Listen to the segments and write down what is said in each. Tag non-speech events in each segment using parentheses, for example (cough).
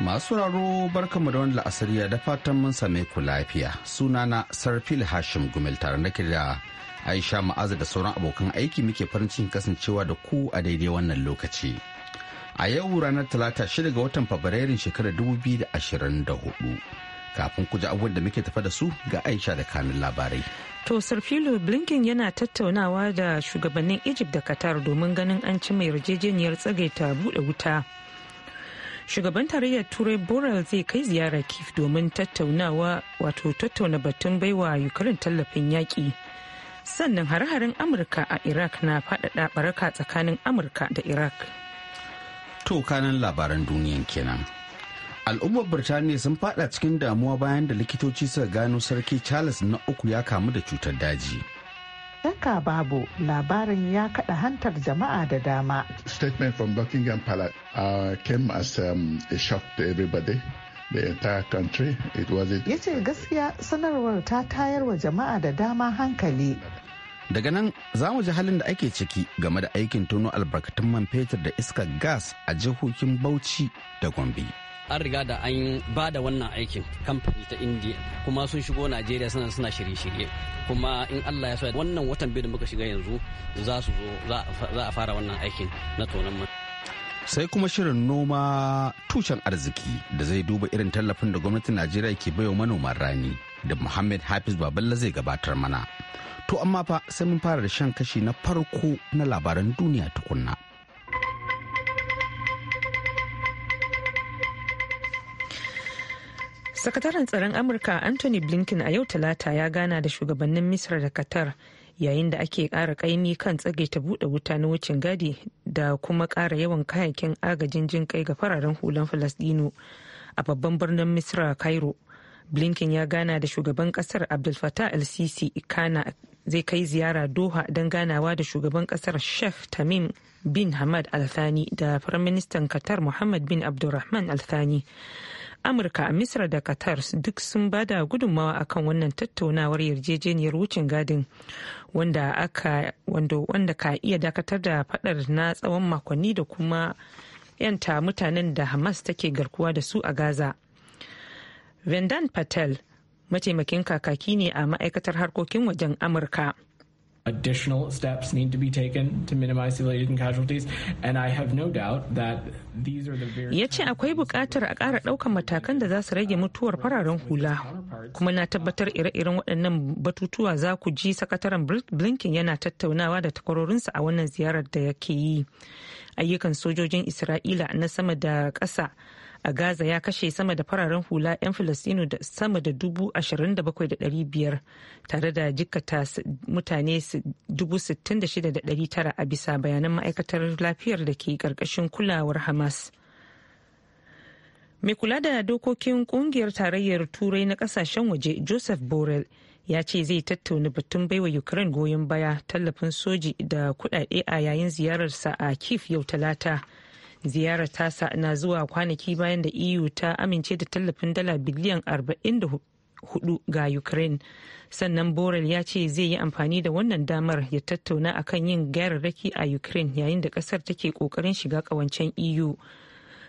Masu raro barkanmu da wani la'asariya da fatan mun same ku lafiya. Sunana Sarfil Hashim Gumel tare nake da Aisha ma'aza da sauran abokan aiki muke farin cikin kasancewa da ku a daidai wannan lokaci. A yau ranar Talata shida ga watan Fabrairun shekarar 2024. Kafin ku ji abubuwan da muke tafa da su ga Aisha da kanin labarai. To Sarfilu Blinken yana tattaunawa da shugabannin Egypt da Qatar domin ganin an ci mai yarjejeniyar tsagaita buɗe wuta. shugaban tarayyar turai boral zai kai ziyarar kif domin tattaunawa wato tattauna batun baiwa yukarin tallafin yaƙi sannan hare-haren amurka a iraq na faɗaɗa baraka tsakanin amurka da iraq to kanan labaran duniyan kenan al'ummar birtaniya sun fada cikin damuwa bayan da likitoci suka gano sarki charles na uku ya kamu da cutar daji saka babu labarin ya kaɗa hantar jama'a da dama. Statement from Buckingham Palace uh, came as um, a shock to everybody. the entire country it was it yace gaskiya sanarwar ta tayar wa jama'a da dama hankali daga nan za mu ji halin da ake ciki game da aikin tono albarkatun man fetur da iskar gas a jihohin bauchi da gombe an riga da an ba da wannan aikin kamfani ta indiya kuma sun shigo najeriya suna suna shirye-shirye kuma in allah ya sa wannan watan biyu da muka shiga yanzu za su zo za a fara wannan aikin na tonon man sai kuma shirin noma tushen arziki da zai duba irin tallafin da gwamnatin najeriya ke baiwa manoman rani da muhammad hafiz baballa zai gabatar mana to amma fa sai mun fara da shan kashi na farko na labaran duniya tukunna. sakataren tsaron amurka anthony blinken a yau talata ya gana da shugabannin misra da qatar yayin da ake kara ƙaimi kan tsage ta buɗe wuta na wucin gadi da kuma kara yawan kayakin agajin jin kai ga fararen hulan falasɗinu a babban birnin misra cairo blinken ya gana da shugaban ƙasar abdul fattah el sisi kana zai kai ziyara doha don ganawa da shugaban ƙasar sheikh tamim bin hamad al da firaministan qatar muhammad bin abdulrahman al amurka misra da qatar duk sun bada gudunmawa akan wannan tattaunawar yarjejeniyar wucin gadin wanda wanda ka iya dakatar da fadar na tsawon makonni da kuma yanta mutanen da hamas take garkuwa da su a gaza vendan patel mataimakin kakaki ne a ma'aikatar harkokin wajen amurka additional steps need to be taken to minimize civilian casualties and i have no doubt that these are the very ya ce akwai bukatar a ƙara ɗaukar matakan da za su rage mutuwar fararen hula kuma na tabbatar ire-iren waɗannan batutuwa za ku ji sakataren blinken yana tattaunawa da takwarorinsa a wannan ziyarar da yake yi ayyukan sojojin isra'ila na sama da ƙasa a gaza ya kashe sama da fararen hula 'yan filistinu da sama da dubu ashirin da bakwai da dari biyar tare da jikata mutane dubu a bisa bayanan ma'aikatar lafiyar da ke karkashin kulawar hamas mai kula da dokokin kungiyar tarayyar turai na kasashen waje joseph borrell ya ce zai tattauna batun baiwa ukraine goyon baya tallafin soji da kudade a yayin ziyararsa a kif yau talata ziyarar tasa na zuwa kwanaki bayan da eu ta amince da tallafin dala biliyan 44 ga ukraine sannan borel ya ce zai yi amfani da wannan damar ya tattauna akan yin gyararraki a ukraine yayin da kasar take kokarin shiga kawancen eu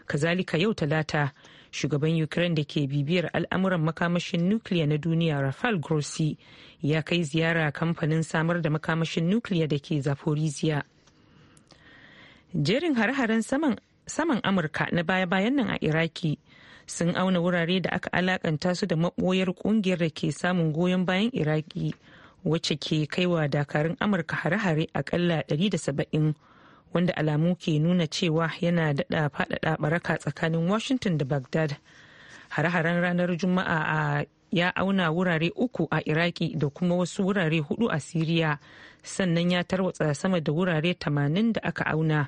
kazalika yau talata shugaban ukraine da ke bibiyar al'amuran makamashin nukiliya na duniya rafael grossi ya kai ziyara kamfanin samar da makamashin nukiliya da ke zaporizhia jerin har-haren saman amurka na baya-bayan nan a iraki sun auna wurare da aka alakanta su da maboyar kungiyar da ke samun goyon bayan iraki wacce ke kaiwa dakarun amurka hare-hare akalla 170 wanda alamu ke nuna cewa yana daɗa faɗaɗa baraka tsakanin washington da baghdad hare-haren ranar juma'a a ya auna wurare uku a iraki da kuma wasu wurare hudu a siriya sannan ya tarwatsa sama da wurare tamanin da aka auna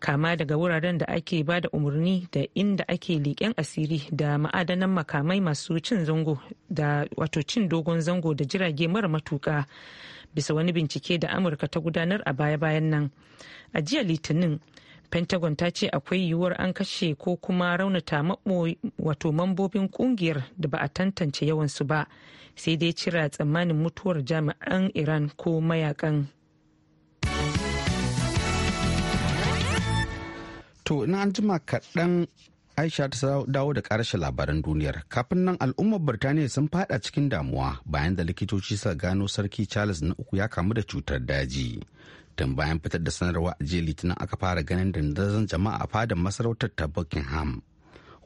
kama daga wuraren da ake ba da umarni da inda ake leƙen asiri da ma'adanan makamai masu cin zango da wato cin dogon zango da jirage mara matuka bisa wani bincike da amurka ta gudanar a baya-bayan nan a jiya litinin pentagon ta ce akwai yiwuwar an kashe ko kuma raunata wato mambobin kungiyar da ba a tantance yawansu ba sai dai cira tsammanin mutuwar jami'an iran ko mayakan to na an jima kaɗan Aisha ta dawo da ƙarshe labaran duniyar. Kafin nan al'ummar Birtaniya sun fada cikin damuwa bayan da likitoci suka gano sarki Charles na uku ya kamu da cutar daji. Tun bayan fitar da sanarwa a jiya litinin aka fara ganin dandazon jama'a a fadar masarautar ta Buckingham.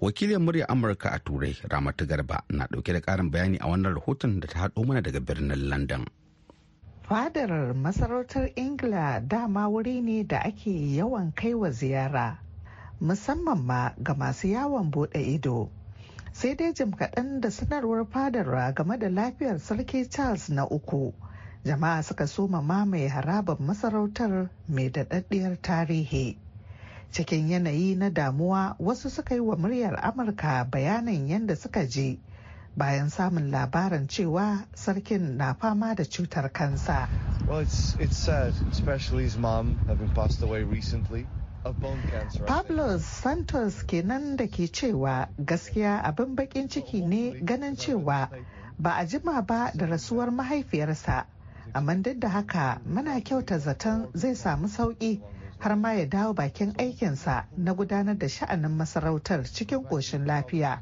Wakilin murya Amurka a Turai Ramatu Garba na ɗauke da ƙarin bayani a wannan rahoton da ta haɗo mana daga birnin London. Fadar masarautar Ingila dama wuri ne da ake yawan kai wa ziyara. musamman ma ga masu yawon bude ido. Sai dai jim kaɗan da sanarwar fadarwa game da lafiyar Sarki Charles na uku. Jama'a suka soma mamaye harabar masarautar mai daɗaɗɗiyar tarihi. Cikin yanayi na damuwa wasu suka yi wa muryar Amurka bayanin yadda suka je bayan samun labarin cewa sarkin na fama da cutar kansa. Well, it's, it's sad, especially his mom having passed away recently. Pablo Santos kenan da ke cewa gaskiya abin bakin ciki ne ganin cewa ba a jima ba da rasuwar mahaifiyarsa, amma duk da haka muna kyauta zaton zai samu sauƙi har ma ya dawo bakin aikinsa na gudanar da sha'anin masarautar cikin ƙoshin lafiya.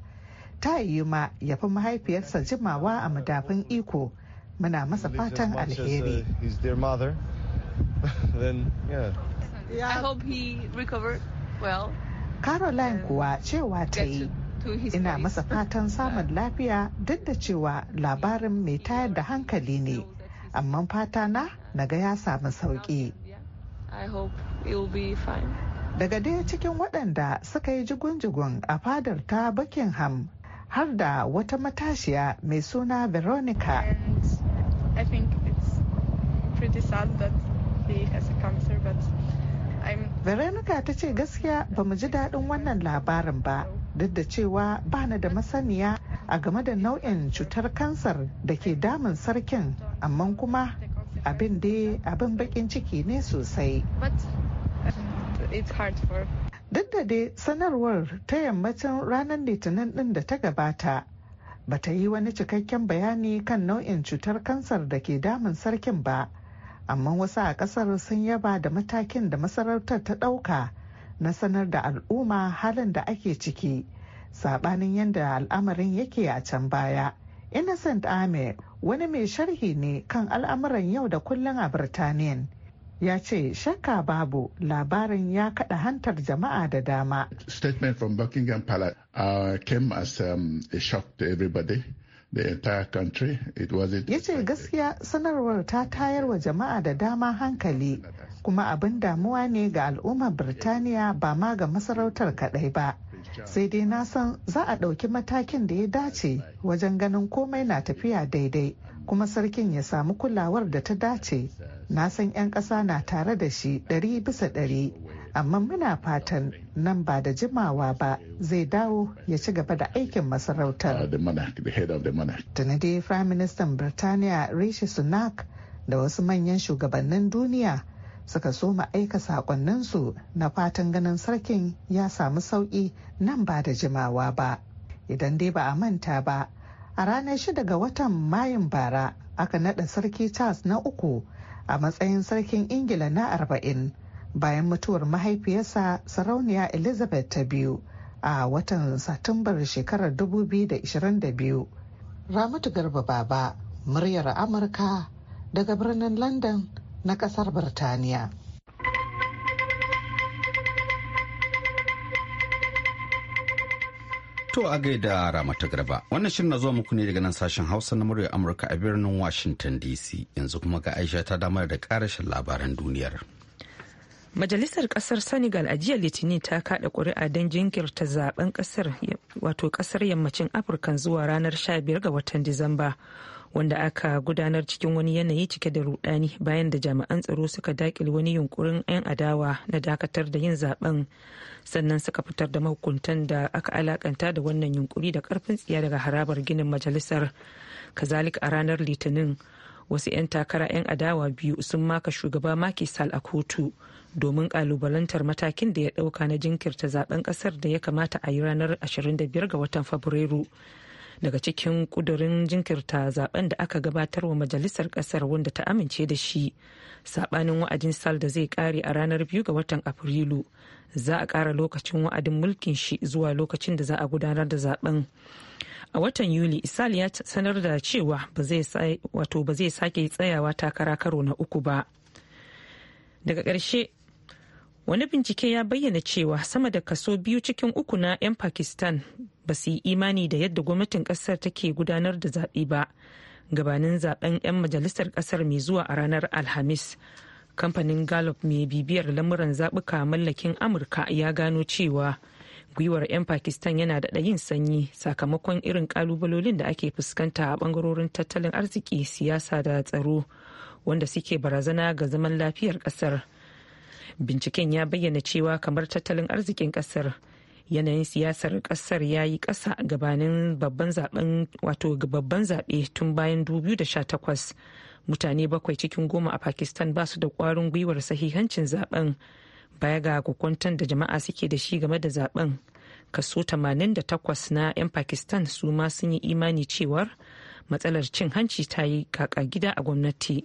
Ta yi ma ya fi mahaifiyarsa jimawa a madafin iko muna masa fatan uh, alheri. (laughs) Yeah. I hope Caroline kuwa cewa ta yi. Ina masa fatan samun (laughs) lafiya duk da cewa labarin mai tayar da hankali ne, amma fata na naga ya samu sauƙi. Daga daya cikin waɗanda suka yi jigun-jigun a fadar ta Buckingham har da wata matashiya mai suna Veronica. And I think veronica ta ce gaskiya ba mu ji daɗin wannan labarin ba duk da cewa ba na da masaniya a game da nau'in cutar kansar da ke damun sarkin amma kuma abin dai abin bakin ciki ne sosai duk da dai sanarwar ta yammacin ranar litinin ɗin da ta gabata bata yi wani cikakken bayani kan nau'in cutar kansar da ke damun sarkin ba amma wasu a kasar sun yaba da matakin da masarautar ta ɗauka na sanar da al'umma halin da ake ciki sabanin yadda al'amarin yake a can baya innocent ahmed wani mai sharhi ne kan al'amuran yau da kullum a birtaniyan ya ce shakka babu labarin ya kada hantar jama'a da dama statement from buckingham palace uh, came as um, a shock to everybody the entire country. It was it. Yace gaskiya sanarwar ta tayar wa jama'a da dama hankali kuma abin damuwa ne ga al'ummar Birtaniya ba ma ga masarautar kadai ba. Sai dai na san za a ɗauki matakin da ya dace wajen ganin komai na tafiya daidai kuma sarkin ya samu kulawar da ta dace. Na san 'yan ƙasa na tare da shi ɗari bisa ɗari. amma muna fatan nan ba da jimawa ba zai dawo ya ci gaba da aikin masarautar. Uh, Tuni dai Prime Minister Birtaniya Rishi Sunak da wasu manyan shugabannin duniya suka so aika sakonninsu na fatan ganin sarkin ya samu sauƙi nan ba da jimawa ba. Idan dai ba a manta ba, a ranar shida ga watan Mayun bara aka naɗa sarki Charles na uku a matsayin sarkin Ingila na arba'in. bayan mutuwar mahaifiyarsa sarauniya elizabeth ta biyu a watan satumbar shekarar 2022 ramatu garba baba muryar amurka daga birnin london na kasar birtaniya To a gaida Ramata Garba, wannan shirin na zuwa muku ne daga nan sashen Hausa na muryar Amurka a birnin Washington DC. Yanzu kuma ga Aisha ta damar da karashin labaran duniyar. Majalisar kasar Senegal a jiya Litinin ta kada kuri'a don jinkirta zaben kasar wato kasar yammacin Afirka zuwa ranar 15 ga watan Disamba wanda aka gudanar cikin wani yanayi cike da rudani bayan da jami'an tsaro suka dakile wani yunkurin 'yan adawa na dakatar da yin zaben sannan suka fitar da mahukuntan da aka alakanta da wannan yunkuri da karfin tsiya daga harabar ginin majalisar kazalik a ranar litinin wasu 'yan takara 'yan adawa biyu sun maka shugaba maki sal a kotu domin kalubalantar matakin da ya dauka na jinkirta zaben kasar da ya kamata a yi ranar 25 ga watan fabrairu daga cikin kudurin jinkirta zaben da aka gabatar wa majalisar kasar wanda ta amince da shi sabanin wa'adin sal da zai kare a ranar biyu ga watan afrilu za a kara lokacin wa'adin mulkin shi zuwa lokacin da za a gudanar da zaben a watan yuli isal ya sanar da cewa ba zai sake tsayawa takara karo na uku ba daga ƙarshe wani bincike ya bayyana cewa sama da kaso biyu cikin uku na 'yan pakistan ba su yi imani da yadda gwamnatin kasar take gudanar da zaɓe ba gabanin zaben 'yan majalisar kasar mai zuwa a ranar alhamis kamfanin gallup mai bibiyar lamuran zaɓuka mallakin amurka ya gano cewa gwiwar 'yan pakistan yana da ɗayin sanyi sakamakon irin ƙalubalolin da ake fuskanta a ɓangarorin tattalin arziki siyasa da tsaro wanda suke barazana ga zaman lafiyar ƙasar. binciken ya bayyana cewa kamar tattalin arzikin kasar yanayin siyasar kasar ya yi kasa gabanin babban zaben wato babban zaɓe tun bayan 2018 mutane bakwai cikin goma a pakistan ba su da kwarin gwiwar sahihancin zaben baya ga kukwantan da jama'a suke da shi game da zaben kaso 88 na 'yan pakistan su ma sun yi imani cewar matsalar cin hanci ta yi kaka gida a gwamnati.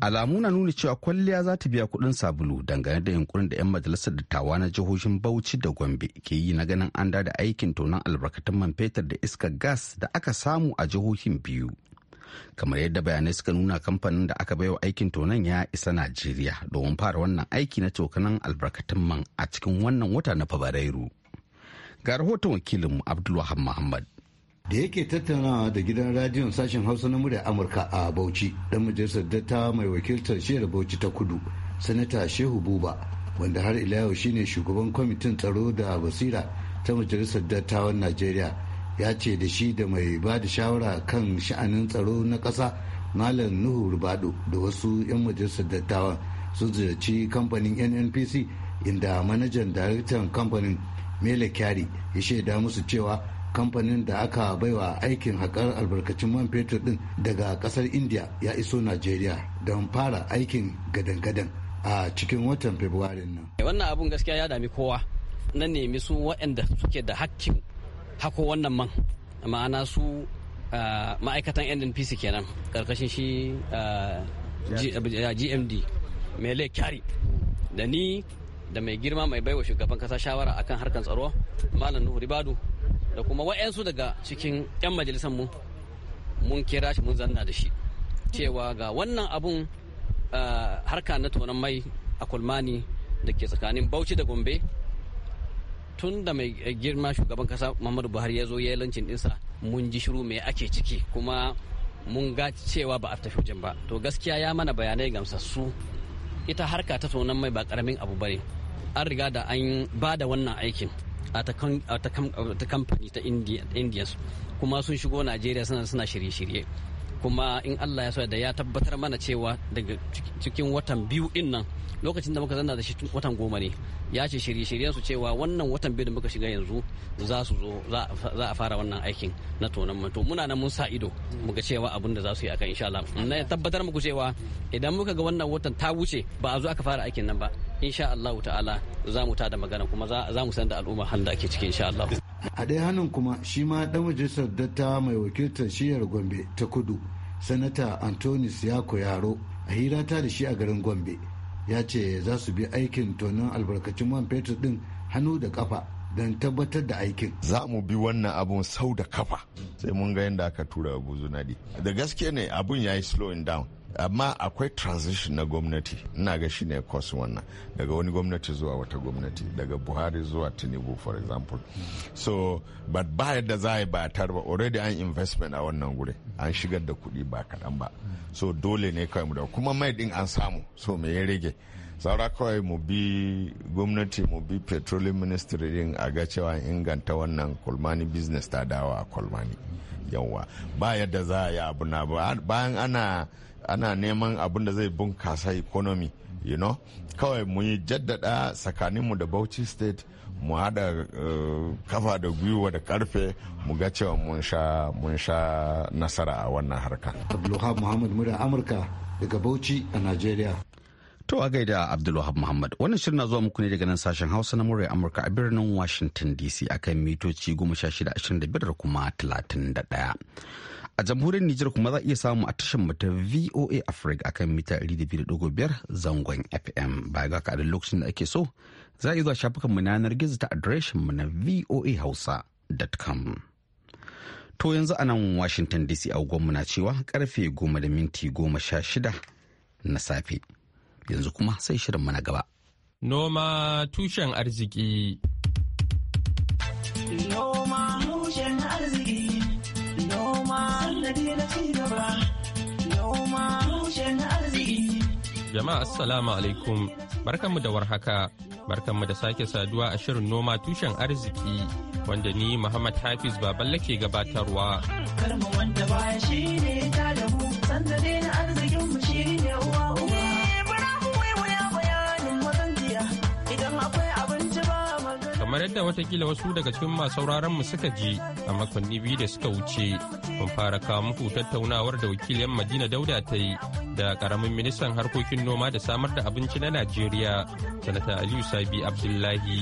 alamu na nuna cewa kwalliya za ta biya kuɗin sabulu dangane da yunkurin da 'yan majalisar dattawa na jihohin bauchi da gombe ke yi na ganin an da aikin tonon albarkatun man fetur da iskar gas da aka samu a jihohin biyu kamar yadda bayanai suka nuna kamfanin da aka baiwa aikin tonon ya isa najeriya domin fara wannan aiki na cokanan albarkatun man a cikin wannan wata na fabrairu ga rahoton wakilinmu abdulwahab muhammad da yake tattaunawa da gidan radiyon sashen hausa na murya amurka a bauchi dan majalisar datta mai wakiltar shehar bauchi ta kudu sanata shehu buba wanda har ila yau shine shugaban kwamitin tsaro da basira ta majalisar dattawan najeriya ya ce da shi da mai ba da shawara kan sha'anin tsaro na ƙasa malam nuhu rubado da wasu 'yan majalisar dattawan sun ziyarci kamfanin nnpc inda manajan daraktan kamfanin mele kyari ya shaida musu cewa kamfanin da aka baiwa aikin haƙar albarkacin man fetur din daga ƙasar india ya iso najeriya don fara aikin gadan-gadan a cikin watan february. nan eh, wannan abun gaskiya ya dami kowa na nemi su waɗanda suke da hakkin hako wannan man ma'ana su ah, ma'aikatan nnpc kenan ƙarƙashin shi ah, gmd mele kyari da ni da mai girma mai baiwa shugaban kasa shawara akan harkar tsaro malam nuhu ribadu da kuma wa'yansu daga cikin 'yan majalisar mu mun kira shi mun zanna da shi cewa ga wannan abun harka na tonon mai a kulmani da ke tsakanin bauchi da gombe tun da mai girma shugaban kasa muhammadu buhari ya zo ya yi lancin dinsa mun ji shiru mai ake ciki kuma mun ga cewa ba a tafi wajen ba to gaskiya ya mana bayanai gamsassu ita harka ta tonon mai ba karamin abu bane an riga da an ba da wannan aikin a ta kamfani ta indiya kuma sun shigo najeriya suna shirye-shirye kuma in allah ya so da ya tabbatar mana cewa daga cikin watan biyu din nan lokacin da muka zanna da shi watan goma ne ya ce shirye-shiryen su cewa wannan watan biyu da muka shiga yanzu za su zo za a fara wannan aikin na tonan mato muna nan mun sa ido muka cewa abin da za su yi akan insha Allah na tabbatar muku cewa idan muka ga wannan watan ta wuce ba a zo aka fara aikin nan ba insha Allah ta'ala za mu tada magana kuma za mu san da al'umma halin da ake ciki insha Allah a ɗaya hannun kuma shi ma ɗan majalisar datta mai wakiltar shiyar gombe ta kudu sanata antonis yako yaro a hira ta da shi a garin gombe ya ce za su bi aikin tonon albarkacin man fetur din hannu da kafa don tabbatar da aikin. Za mu bi wannan abun sau da kafa sai mun ga yadda aka tura abu zunadi. Da gaske ne abun ya yi slowing down. amma akwai transition na gwamnati ina ga shi ne kwasu wannan daga wani gwamnati zuwa wata gwamnati daga buhari zuwa tinubu for example so but ba yadda za a yi ba ba already an investment a wannan gure an shigar da kuɗi ba kaɗan ba so dole ne kawai mu da kuma mai din an samu so me ya rage saura kawai mu bi gwamnati mu bi petroleum ministry din a ga cewa inganta wannan kulmani business ta dawa a kulmani yawa ba yadda za a yi abu na bayan ana ana neman abin da zai bunkasa economy you know kawai mu yi jaddada tsakaninmu da bauchi state mu hada eh, kafa da gwiwa da karfe mu ga cewa mun sha mun sha nasara a wannan harka abdulwahab muhammad mura amurka daga bauchi a nigeria to a gaida abdulwahab muhammad wannan shirin na zuwa muku ne daga nan sashen hausa na murya amurka a birnin washington dc akan mitoci 1625 da kuma 31 A jamhuriyar Nijar kuma za a iya samu a tashar mu ta VOA Africa akan mita 200.5 zangon FM. Baya ga kaɗan lokacin da ake so, za a iya zuwa shafukan mu yanar gizo ta adireshin mu na voahausa.com. To yanzu a nan Washington DC a mu na cewa karfe goma da minti goma sha shida na safe. Yanzu kuma sai shirin mu na gaba. Noma tushen arziki. Noma Jama'a Assalamu alaikum mu da warhaka barkanmu da sake saduwa a shirin noma tushen arziki wanda ni Muhammad Hafiz Baballe ke gabatarwa. Karma wanda baya shi da arzikin kamar yadda watakila wasu daga cikin masu mu suka ji a makonni biyu da suka wuce mun fara kawo muku tattaunawar da wakiliyar madina dauda ta yi da karamin ministan harkokin noma da samar da abinci na najeriya sanata aliyu sabi abdullahi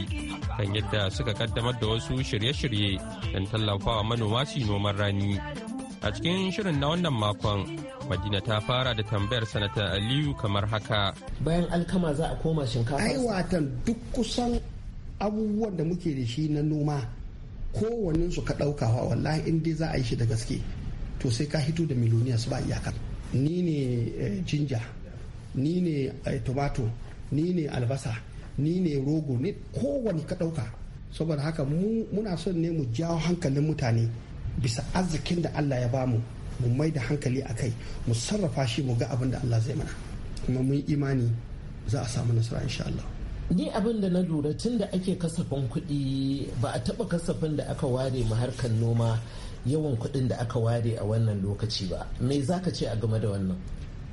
kan yadda suka kaddamar da wasu shirye-shirye don tallafawa manoma su noman rani a cikin shirin na wannan makon madina ta fara da tambayar sanata aliyu kamar haka bayan alkama za a koma shinkafa Aiwatan duk kusan abubuwan da muke da shi na noma kowannen su ka ɗauka wa wallahi in dai za a yi shi da gaske to sai ka hito da su ba iyaka ni ne jinja eh, ni ne eh, tomato ni ne albasa ni ne rogo ne kowane ka ɗauka saboda haka muna son ne mu jawo hankalin mutane bisa arzikin da allah ya bamu mu mai da hankali akai mu sarrafa shi mu ga abin da allah zai mana kuma mun imani za a samu nasara insha allah ni abin da na lura tun da ake kasafin kuɗi ba a taɓa kasafin da aka ware ma harkar noma yawan kuɗin da aka ware a wannan lokaci ba me za ka ce a game da wannan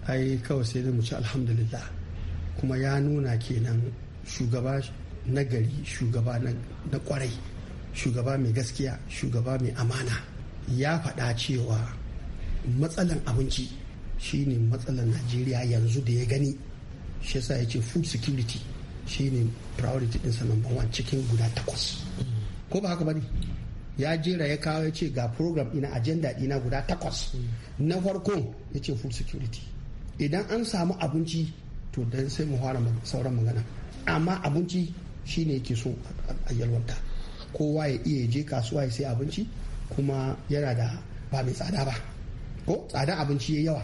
ai kawai sai da mu ci alhamdulillah kuma ya nuna kenan shugaba na gari shugaba na kwarai shugaba mai gaskiya shugaba mai amana ya faɗa cewa matsalan abinci shine matsalan najeriya yanzu da ya gani shi yasa ya ce food security shine priority ɗinsa number one cikin guda takwas ko ba haka ba ne ya jera ya kawo ya ce ga program ina agenda ina guda takwas na farko ya ce food security idan an samu abinci to dan sai mu fara sauran magana amma abinci shine yake so a yalwanta kowa ya iya je kasuwa ya sai abinci kuma yana da ba mai tsada ba ko tsadan abinci ya yawa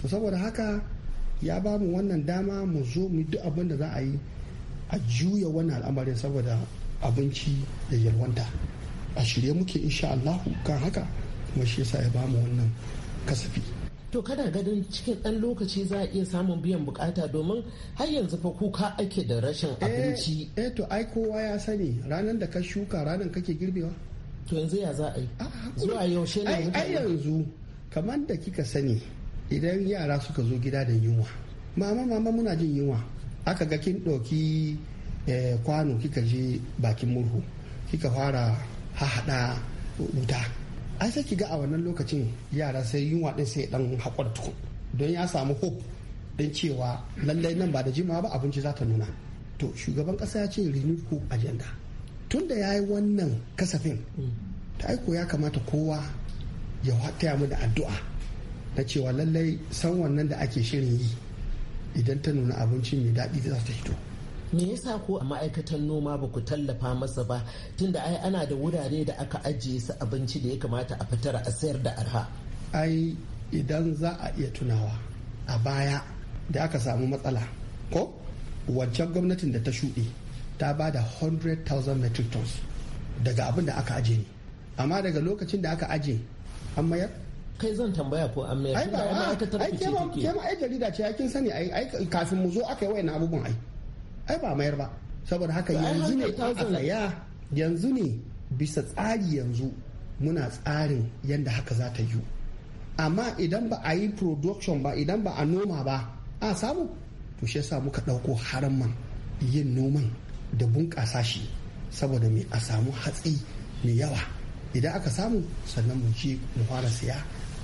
to saboda haka ya ba mu wannan dama mu zo mu duk abin da za a yi a juya wannan al'amarin saboda abinci da yalwanta a shirye muke insha Allah kan haka kuma shi yasa ya ba mu wannan kasafi to kada ganin cikin ɗan lokaci za a iya samun biyan bukata domin har yanzu fa kuka ake da rashin eh, abinci eh to ai kowa ya sani ranar da ka shuka ranar kake girbewa to yanzu ya za a yi zuwa yaushe ne ai yanzu kamar da kika sani idan yara suka zo gida da yunwa mama mama muna jin yunwa aka ga kin ɗauki eh, kwano kika je bakin murhu kika fara hahaɗa wuta ai sai ga a wannan lokacin yara sai yunwa ɗin sai ɗan haƙwar don ya samu hope ɗin cewa lallai nan ba da jimawa ba abinci za ta nuna to shugaban ƙasa ya ce renewed ko agenda tun da ya yi wannan kasafin mm. ta aiko ya kamata kowa ya taya mu da addu'a na cewa lallai san wannan da ake shirin yi idan ta nuna abinci mai daɗi za ta fito me yasa ko a ma'aikatan noma ba ku tallafa masa ba tunda ai ana da wurare da aka ajiye su abinci da ya kamata a fitar a sayar da arha ai idan za a iya tunawa a baya da aka samu matsala ko wancan gwamnatin da ta shuɗe ta ba da 100,000 metric tons daga abin da aka aje ne amma daga lokacin da aka aje an mayar kai zan tambaya ko an mayar da aka ku ce take ke ma ai jarida ce kin sani ai kafin mu zo aka yi wayan abubuwan ai ai ba mayar ba saboda haka yanzu ne a yanzu ne bisa tsari yanzu muna tsarin yadda haka za ta yi amma idan ba a yi production ba idan ba a noma ba a samu to shi yasa muka ɗauko haramman yin noman da bunƙasa shi saboda mai a samu hatsi mai yawa idan aka samu sannan mu ci mu fara siya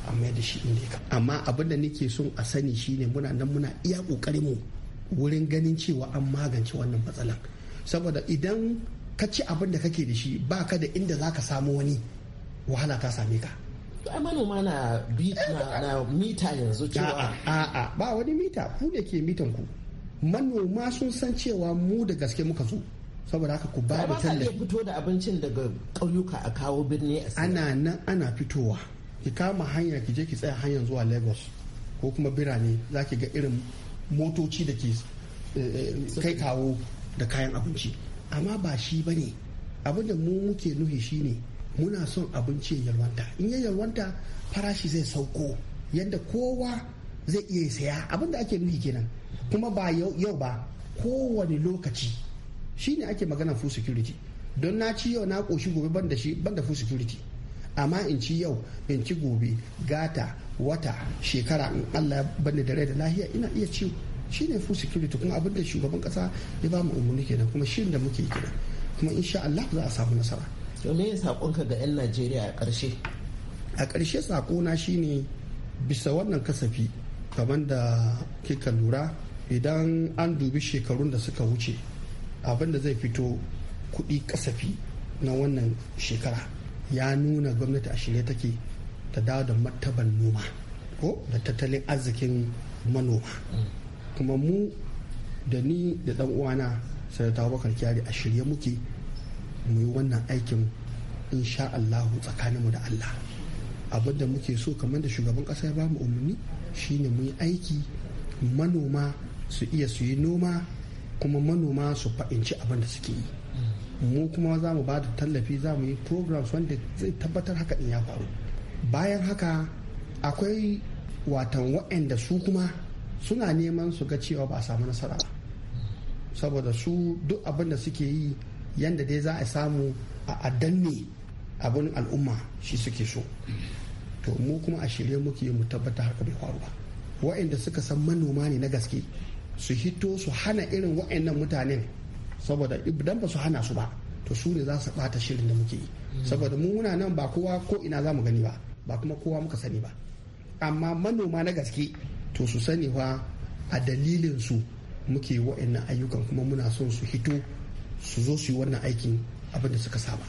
amma da shi inda ya amma abin da nake son a sani shine muna nan muna iya kokarin mu wurin ganin cewa an magance wannan matsalan saboda idan ka ci abin da kake da shi ba ka da inda zaka samu wani wahala ta same ka a manoma eh, na na mita yanzu cewa a ba wani mita ku da ke mitan ku manoma sun san cewa mu da gaske muka zo saboda haka ku ba da tallafi fito da abincin daga ƙauyuka a kawo birni ana nan ana fitowa ki kama hanya ki je ki tsaya hanyar zuwa lagos ko kuma birane za ki ga irin motoci da ke eh, kai kawo da kayan abinci amma ba shi ba ne abinda mu muke nuhi ne, muna son abinci yalwanta in ya yalwanta farashi zai sauko yadda kowa zai iya saya abinda ake nuhi kenan kuma ba yau ba kowane lokaci Shi ne ake magana full security don na ci yau na ƙoshi gobe ban da full security amma in ci yau in ci gobe gata wata shekara in allah ya bani da rai da lahiya ina iya ci shi ne food security kuma abin da shugaban kasa ya ba mu umarni kenan kuma shirin da muke kira kuma insha allah za a samu nasara to me ya saƙonka ga 'yan najeriya a ƙarshe a ƙarshe shi shine bisa wannan kasafi kamar da kika lura idan an dubi shekarun da suka wuce abin da zai fito kuɗi kasafi na wannan shekara ya nuna gwamnati a shirye take ta dawo da martaban noma ko da tattalin arzikin manoma kuma mu da ni da dan uwana sanata bakar kyari a shirye muke mu yi wannan aikin insha allahu tsakaninmu da allah abin da muke so kamar da shugaban kasa ya bamu umarni shine mu yi aiki manoma su iya su yi noma kuma manoma su fa'inci abin da suke yi mu kuma za mu ba da tallafi za mu yi programs wanda zai tabbatar haka in ya faru bayan haka akwai watan waɗanda su kuma suna neman su ga cewa ba a samu nasara ba saboda su duk abin da suke yi yadda dai za a samu a adanne abin al'umma shi suke so to mu kuma a shirye muke mu tabbata haka bai faru ba waɗanda suka san manoma ne na gaske su hito su hana irin waɗannan mutanen saboda idan ba su hana su ba to su ne za su bata shirin da muke yi saboda mu muna nan ba kowa ko ina za mu gani ba ba kuma kowa muka sani ba amma manoma na gaske to su sani fa a dalilin su muke wa'annan ayyukan kuma muna son su hito su zo su yi wannan aikin abin da suka saba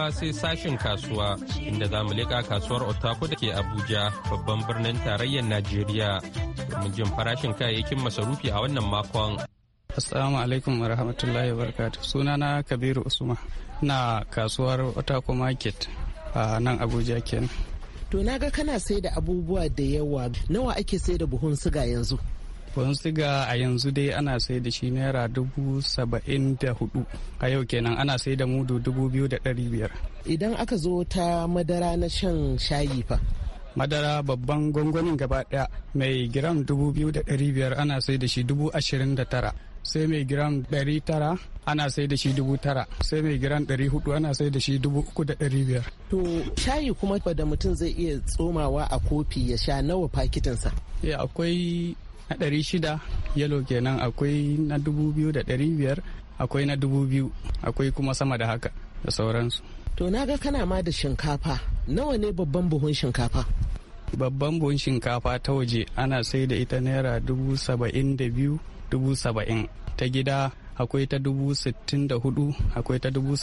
kuma sai sashen kasuwa inda za mu leƙa kasuwar Otako da ke Abuja babban birnin tarayyar Najeriya domin jin farashin kayayyakin masarufi a wannan makon. Assalamu alaikum wa rahmatullahi wa Sunana Kabiru Usman na kasuwar Otako Market a nan Abuja kenan. To na ga kana sai da abubuwa da yawa nawa ake sai da buhun siga yanzu? Kwan siga a yanzu dai ana sai da shi naira dubu saba'in da hudu a yau kenan ana sai da mudu dubu biyu da ɗari biyar. Idan aka zo ta madara na shan shayi fa? madara babban gwangwanin gaba daya mai giram dubu biyu da biyar ana sai da shi tara sai mai giram tara ana sai da shi tara sai mai giram hudu ana sai da shi biyar. to shayi kuma da mutum zai iya tsomawa a kofi ya sha nawa fakitinsa eh, akwai na ɗari yalo kenan akwai na dubu biyar akwai na dubu akwai kuma sama da haka da sauransu to na ga kana ma da shinkafa nawa ne babban buhun shinkafa babban buhun shinkafa ta waje ana sai da ita naira dubu saba'in da biyu dubu ta gida akwai ta dubu da hudu akwai ta dubu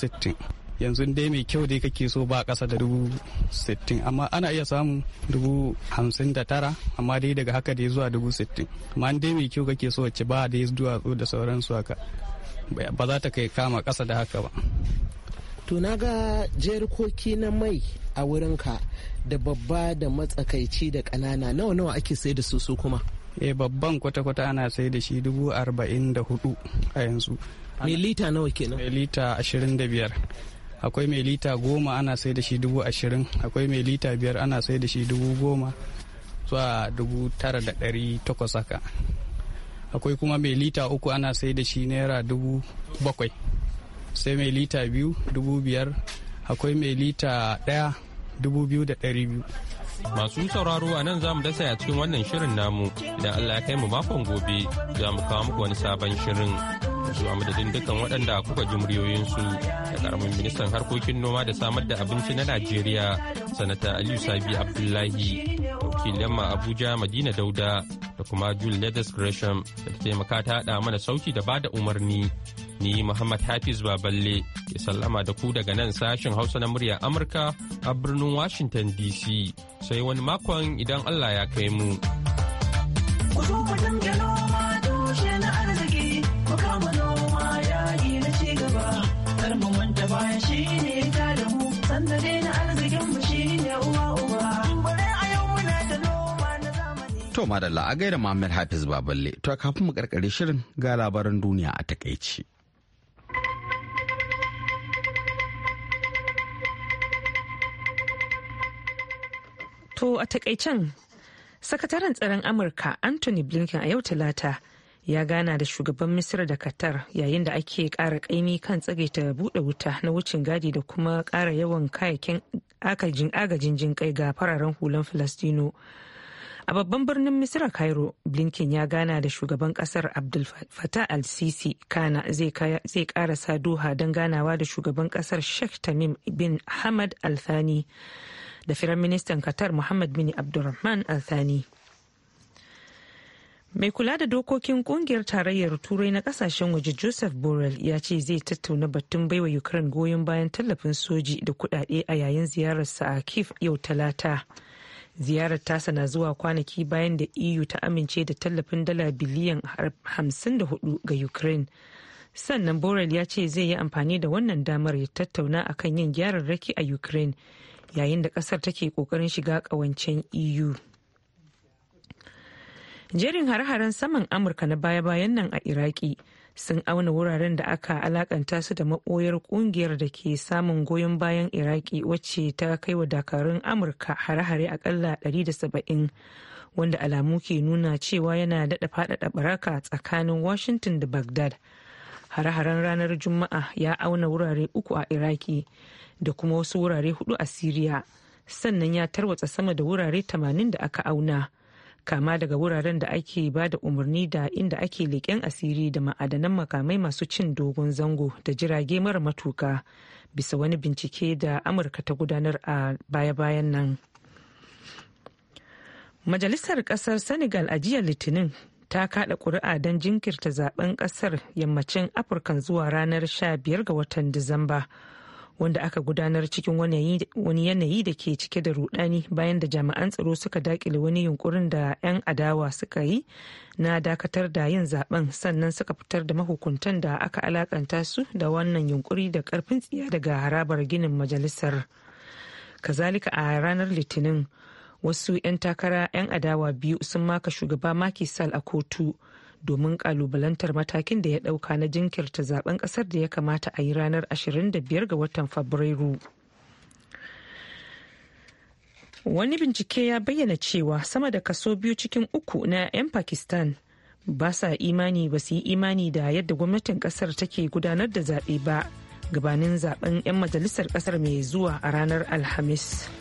yanzu dai mai kyau dai kake so ba kasa da dubu sittin amma ana iya samun dubu hamsin da tara amma dai daga haka dai zuwa dubu sittin amma dai mai kyau kake so wacce ba dai duwatsu da sauransu haka ba za ta kai kama kasa da haka ba to na ga jerikoki na mai a wurinka da babba da matsakaici da ƙanana nawa nawa ake sai da su su kuma eh babban kwata-kwata ana sai da shi dubu arba'in da hudu a yanzu mai lita nawa kenan mai lita ashirin da biyar akwai mai lita goma ana sai da shi dubu ashirin akwai mai lita biyar ana sai da shi dubu goma zuwa dubu tara da ɗari takwas haka akwai kuma mai lita uku ana sai da shi naira dubu bakwai sai mai lita biyu dubu biyar akwai mai lita ɗaya dubu biyu da ɗari biyu Masu sauraro a nan za mu dasa a cikin wannan shirin namu idan Allah ya kai mu makon gobe za mu kawo muku wani sabon shirin yanzu a madadin dukkan waɗanda kuka ji muryoyinsu da karamin ministan harkokin noma da samar da abinci na najeriya sanata aliyu sabi abdullahi wakilin ma abuja madina dauda da kuma jul ledes gresham da ta taimaka ta haɗa mana sauki da bada umarni ni muhammad hafiz baballe ke sallama da ku daga nan sashen hausa na murya amurka a birnin washington dc sai wani makon idan allah ya kai mu. Ku zo mu To da a da Muhammad Hafiz Baballe to kafin mu karkare shirin ga labaran duniya a takaici. To a takaicen sakataren tsaron Amurka Anthony Blinken a yau talata ya gana da shugaban Misira da Qatar yayin da ake kara kaimi kan tsagaita buɗe wuta na wucin gadi da kuma kara yawan kayakin agajin kai ga fararen hulan Falastino. A babban birnin Misira Cairo, Blinken ya gana da shugaban kasar Abdul Fattah al-Sisi Kana zai karasa Doha don ganawa da shugaban kasar Sheikh Tamim bin Hamad Al-Thani da Firaministan Qatar Muhammad bin Abdulrahman Al-Thani. Mai kula da dokokin kungiyar tarayyar turai na kasashen waje Joseph Borrell ya ce zai tattauna batun baiwa Ukraine goyon bayan tallafin soji da kudade a yayin ziyararsa a Kiev yau talata. ziyarar tasa na zuwa kwanaki bayan da eu ta amince da tallafin dala biliyan 54 ga ukraine sannan borel ya ce zai yi amfani da wannan damar ya tattauna akan yin gyararraki a ukraine yayin da kasar take kokarin shiga kawancen eu jerin hare-haren saman amurka na baya-bayan nan a iraki sun auna wuraren da aka alakanta su da maboyar kungiyar da ke samun goyon bayan iraki wacce ta kai wa dakarun amurka hare-hare akalla 170 wanda alamu ke nuna cewa yana daɗa faɗaɗa baraka tsakanin washington da bagdad hare-haren ranar juma'a ya auna wurare uku a iraki da kuma wasu wurare hudu a syria sannan ya tarwatsa sama da wurare 80 da aka auna. kama daga wuraren da ake ba da umarni da inda ake leƙen asiri da ma'adanan makamai masu cin dogon zango da jirage mara matuka bisa wani bincike da amurka ta gudanar a baya-bayan nan majalisar kasar senegal a jiya litinin ta kada kuri'a don jinkirta zaben kasar yammacin afirka zuwa ranar 15 ga watan disamba wanda aka gudanar cikin wani yanayi da ke cike da rudani bayan da jami'an tsaro suka dakile wani yunkurin da 'yan adawa suka yi na dakatar da yin zaben sannan suka fitar da mahukuntan da aka alakanta su da wannan yunkuri da karfin tsiya daga harabar ginin majalisar kazalika a ranar litinin wasu 'yan takara 'yan adawa biyu sun maka shugaba maki sal a kotu domin kalubalantar matakin da ya dauka na jinkirta zaben kasar da ya kamata a yi ranar 25 ga watan fabrairu wani bincike ya bayyana cewa sama da kaso biyu cikin uku na 'yan pakistan ba sa imani ba su yi imani da yadda gwamnatin kasar take gudanar da zaɓe ba gabanin zaben 'yan majalisar kasar mai zuwa a ranar alhamis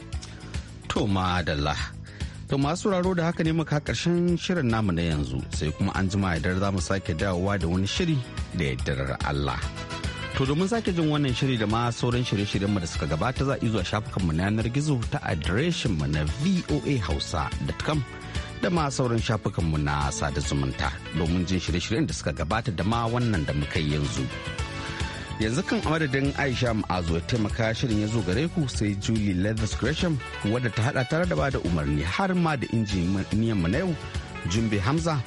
to To masu sauraro da haka ne muka karshen shirin namu na yanzu sai kuma an jima da za mu sake dawowa da wani shiri da yardar Allah. To domin sake jin wannan shiri da ma sauran shirye-shiryen mu da suka gabata za a zuwa shafukanmu na yanar gizo ta adireshin mu na voahausa.com da ma sauran shafukanmu na sada zumunta domin jin shirye-shiryen da suka gabata da ma wannan da muka yi yanzu. yanzu kan amadadin aisha ma'azu ya taimaka shirin ya zo gare ku sai julie leathers gresham wadda ta hada tare da bada umarni har ma da injiniyan mu na yau jumbe hamza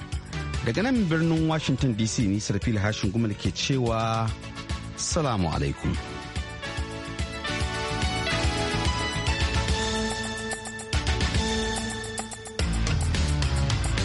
daga nan birnin washington dc ni sarfil hashin gumal ke cewa salamu alaikum